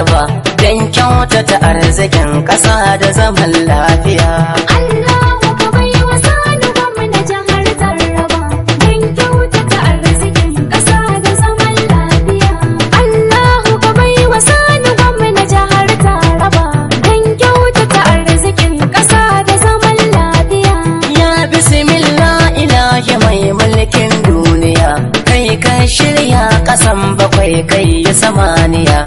raba don kyautata arzikin ƙasa da zaman lafiya. Allah ka wa sani gwamna jihar Taraba don kyautata arzikin ƙasa da zaman lafiya. Allah ka wa sani gwamna jihar Taraba don kyautata arzikin ƙasa da zaman lafiya. Ya bismillah ilahi mai mulkin duniya kai ka shirya ƙasan bakwai kai samaniya.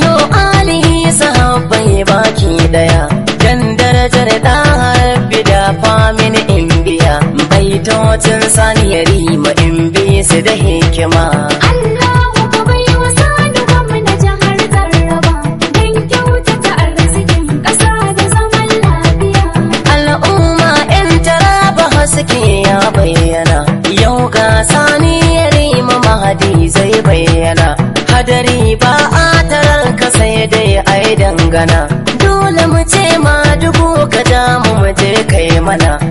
Lokacin saniyar rima in bi su da hikima. Allahu ka bai wa sani gwamna jihar Taraba don kyautata arzikin ƙasa da zaman lafiya. Al'umma 'yan Taraba haske ya bayyana. Yau ga saniyar rima mahadi bayyana. Hadari ba a tarar ka sai dai ai dangana. Dole mu ce ma dubu ka damu mu je kai mana.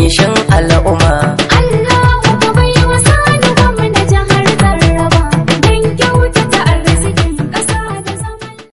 kishin al'umma